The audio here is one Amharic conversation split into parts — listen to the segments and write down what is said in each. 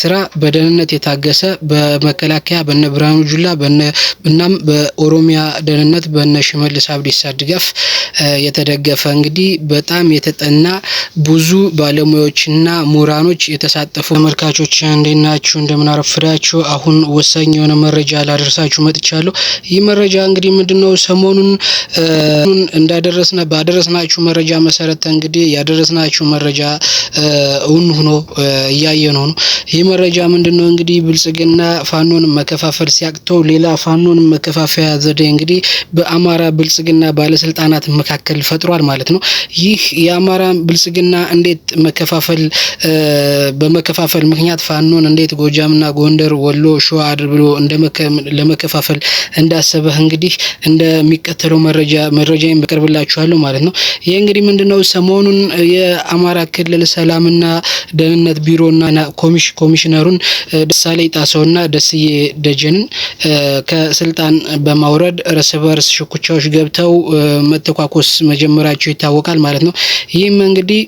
ስራ በደህንነት የታገሰ በመከላከያ በነ ብርሃኑ ጁላ እናም በኦሮሚያ ደህንነት በነ ሽመልስ አብዲሳ ድጋፍ የተደገፈ እንግዲህ በጣም የተጠና ብዙ ባለሙያዎችና ምሁራኖች የተሳተፉ ተመልካቾች እንዴት ናችሁ? እንደምን አረፍዳችሁ። አሁን ወሳኝ የሆነ መረጃ ላደርሳችሁ መጥቻለሁ። ይህ መረጃ እንግዲህ ምንድነው ሰሞኑን እንዳደረስነ ባደረስናችሁ መረጃ መሰረተ እንግዲህ ያደረስናችሁ መረጃ እውን ሆኖ እያየ ነው ነው መረጃ ምንድን ነው እንግዲህ ብልጽግና ፋኖን መከፋፈል ሲያቅተው ሌላ ፋኖን መከፋፈያ ዘዴ እንግዲህ በአማራ ብልጽግና ባለስልጣናት መካከል ፈጥሯል ማለት ነው። ይህ የአማራ ብልጽግና እንዴት መከፋፈል በመከፋፈል ምክንያት ፋኖን እንዴት ጎጃምና ጎንደር፣ ወሎ፣ ሸዋ ብሎ ለመከፋፈል እንዳሰበህ እንግዲህ እንደሚቀተለው መረጃ መረጃዬን በቀርብላችኋለሁ ማለት ነው። ይህ እንግዲህ ምንድነው ሰሞኑን የአማራ ክልል ሰላምና ደህንነት ቢሮና ኮሚሽ ኮሚሽ ኮሚሽነሩን ደሳለኝ ጣሰውና ደስዬ ደጀንን ከስልጣን በማውረድ እርስ በርስ ሽኩቻዎች ገብተው መተኳኮስ መጀመራቸው ይታወቃል ማለት ነው። ይህም እንግዲህ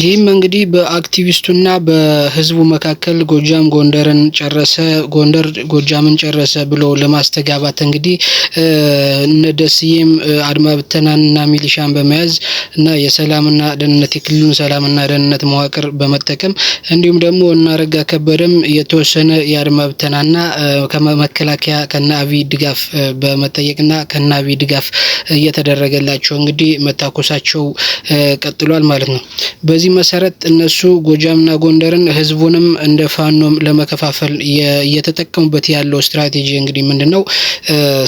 ይህም እንግዲህ በአክቲቪስቱና በህዝቡ መካከል ጎጃም ጎንደርን ጨረሰ፣ ጎንደር ጎጃምን ጨረሰ ብሎ ለማስተጋባት እንግዲህ እነ ደስዬም አድማ ብተናንና ሚሊሻን በመያዝ እና የሰላምና ደህንነት የክልሉን ሰላምና ደህንነት መዋቅር በመጠቀም እንዲሁም ደግሞ እናረጋ ከበደም የተወሰነ የአድማ ብተናና ከመከላከያ ከናቢ ድጋፍ በመጠየቅና ከናቢ ድጋፍ እየተደረገላቸው እንግዲህ መታኮሳቸው ቀጥሏል ማለት ነው። በዚህ በዚህ መሰረት እነሱ ጎጃምና ጎንደርን ህዝቡንም እንደ ፋኖም ለመከፋፈል እየተጠቀሙበት ያለው ስትራቴጂ እንግዲህ ምንድን ነው?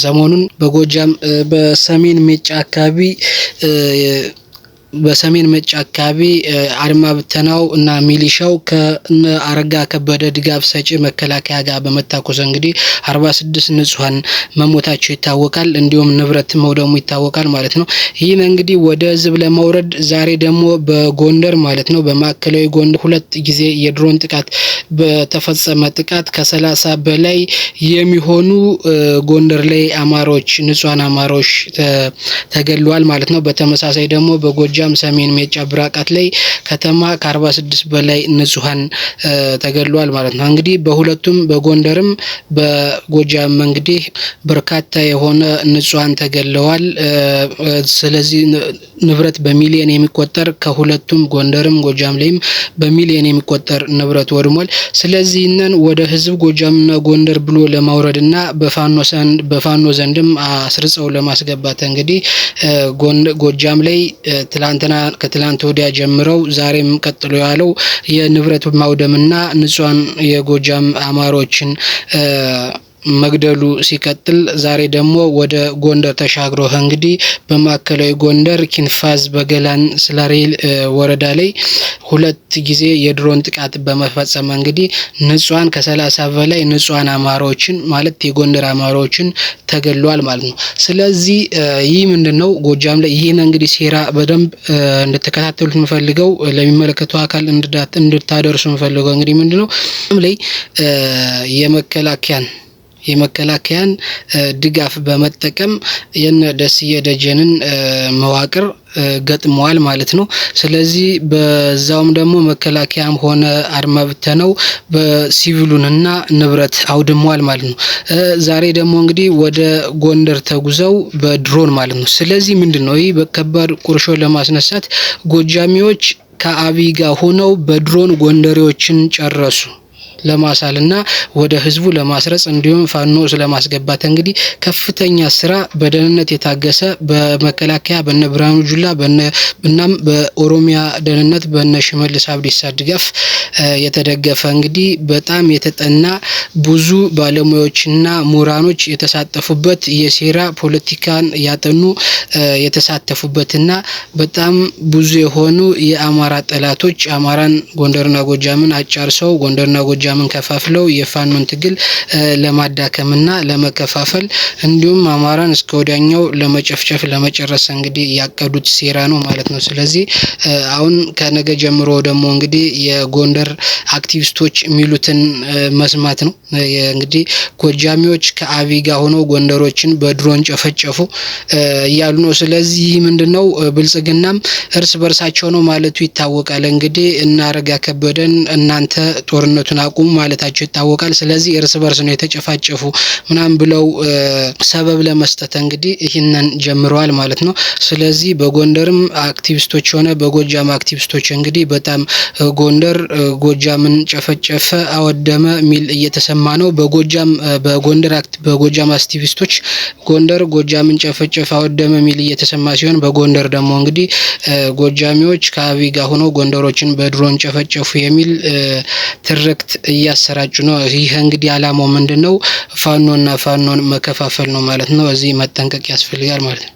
ሰሞኑን በጎጃም በሰሜን ሜጫ አካባቢ በሰሜን መጭ አካባቢ አድማ ብተናው እና ሚሊሻው ከአረጋ ከበደ ድጋፍ ሰጪ መከላከያ ጋር በመታኮስ እንግዲህ ስድስት ንጹሀን መሞታቸው ይታወቃል። እንዲሁም ንብረት መውደሙ ይታወቃል ማለት ነው። ይህን እንግዲህ ወደ ህዝብ ለመውረድ ዛሬ ደግሞ በጎንደር ማለት ነው በማዕከላዊ ጎንደር ሁለት ጊዜ የድሮን ጥቃት በተፈጸመ ጥቃት ከሰላሳ በላይ የሚሆኑ ጎንደር ላይ አማሮች ንጹሀን አማሮች ተገሏል ማለት ነው። በተመሳሳይ ደግሞ በጎጃ በጎጃም ሰሜን ሜጫ ብራቃት ላይ ከተማ ከ46 በላይ ንጹሐን ተገድሏል ማለት ነው። እንግዲህ በሁለቱም በጎንደርም በጎጃም እንግዲህ በርካታ የሆነ ንጹሐን ተገለዋል። ስለዚህ ንብረት በሚሊዮን የሚቆጠር ከሁለቱም ጎንደርም ጎጃም ላይም በሚሊዮን የሚቆጠር ንብረት ወድሟል። ስለዚህ ነን ወደ ህዝብ ጎጃምና ጎንደር ብሎ ለማውረድና በፋኖ ዘንድም አስርጸው ለማስገባት እንግዲህ ጎጃም ላይ ትላ ከትላንትና ከትላንት ወዲያ ጀምረው ዛሬም ቀጥሎ ያለው የንብረት ማውደምና ንጹሃን የጎጃም አማሮችን መግደሉ ሲቀጥል ዛሬ ደግሞ ወደ ጎንደር ተሻግሮ እንግዲህ በማዕከላዊ ጎንደር ኪንፋዝ በገላን ስላሬል ወረዳ ላይ ሁለት ጊዜ የድሮን ጥቃት በመፈጸም እንግዲህ ንጹሐን ከሰላሳ በላይ ንጹሐን አማራዎችን ማለት የጎንደር አማራዎችን ተገሏል ማለት ነው። ስለዚህ ይህ ምንድን ነው ጎጃም ላይ ይህን እንግዲህ ሴራ በደንብ እንድትከታተሉት የምፈልገው ለሚመለከተው አካል እንድታደርሱ የምፈልገው እንግዲህ ምንድን ነው ላይ የመከላከያን የመከላከያን ድጋፍ በመጠቀም የነ ደስዬ ደጀንን መዋቅር ገጥመዋል ማለት ነው። ስለዚህ በዛውም ደግሞ መከላከያም ሆነ አድማ ብተናው በሲቪሉንና ንብረት አውድመዋል ማለት ነው። ዛሬ ደግሞ እንግዲህ ወደ ጎንደር ተጉዘው በድሮን ማለት ነው። ስለዚህ ምንድን ነው ይህ በከባድ ቁርሾ ለማስነሳት ጎጃሚዎች ከአብይ ጋር ሆነው በድሮን ጎንደሬዎችን ጨረሱ። ለማሳል እና ወደ ህዝቡ ለማስረጽ እንዲሁም ፋኖ ስለማስገባት እንግዲህ ከፍተኛ ስራ በደህንነት የታገሰ በመከላከያ በነ ብርሃኑ ጁላ እናም በኦሮሚያ ደህንነት በነ ሽመልስ አብዲሳ ድጋፍ የተደገፈ እንግዲህ በጣም የተጠና ብዙ ባለሙያዎችና ምሁራኖች የተሳተፉበት የሴራ ፖለቲካን ያጠኑ የተሳተፉበትና በጣም ብዙ የሆኑ የአማራ ጠላቶች አማራን ጎንደርና ጎጃምን አጫርሰው ጎንደርና ጎጃ ጎጃምን ከፋፍለው የፋኖን ትግል ለማዳከምና ለመከፋፈል እንዲሁም አማራን እስከ ወዲያኛው ለመጨፍጨፍ ለመጨረስ እንግዲህ ያቀዱት ሴራ ነው ማለት ነው። ስለዚህ አሁን ከነገ ጀምሮ ደግሞ እንግዲህ የጎንደር አክቲቪስቶች የሚሉትን መስማት ነው። እንግዲህ ጎጃሚዎች ከአብይ ጋር ሆነው ጎንደሮችን በድሮን ጨፈጨፉ እያሉ ነው። ስለዚህ ነው ብልጽግናም እርስ በርሳቸው ነው ማለቱ ይታወቃል። እንግዲህ እናረጋ ከበደን እናንተ ጦርነቱን አቁ ቁም ማለታቸው ይታወቃል። ስለዚህ እርስ በርስ ነው የተጨፋጨፉ ምናምን ብለው ሰበብ ለመስጠት እንግዲህ ይህንን ጀምረዋል ማለት ነው። ስለዚህ በጎንደርም አክቲቪስቶች ሆነ በጎጃም አክቲቪስቶች እንግዲህ በጣም ጎንደር ጎጃምን ጨፈጨፈ አወደመ ሚል እየተሰማ ነው። በጎጃም በጎንደር በጎጃም አክቲቪስቶች ጎንደር ጎጃምን ጨፈጨፈ አወደመ ሚል እየተሰማ ሲሆን በጎንደር ደግሞ እንግዲህ ጎጃሚዎች ከአብይ ጋር ሆነው ጎንደሮችን በድሮን ጨፈጨፉ የሚል ትርክት እያሰራጩ ነው። ይህ እንግዲህ አላማው ምንድን ነው? ፋኖና ፋኖን መከፋፈል ነው ማለት ነው። እዚህ መጠንቀቅ ያስፈልጋል ማለት ነው።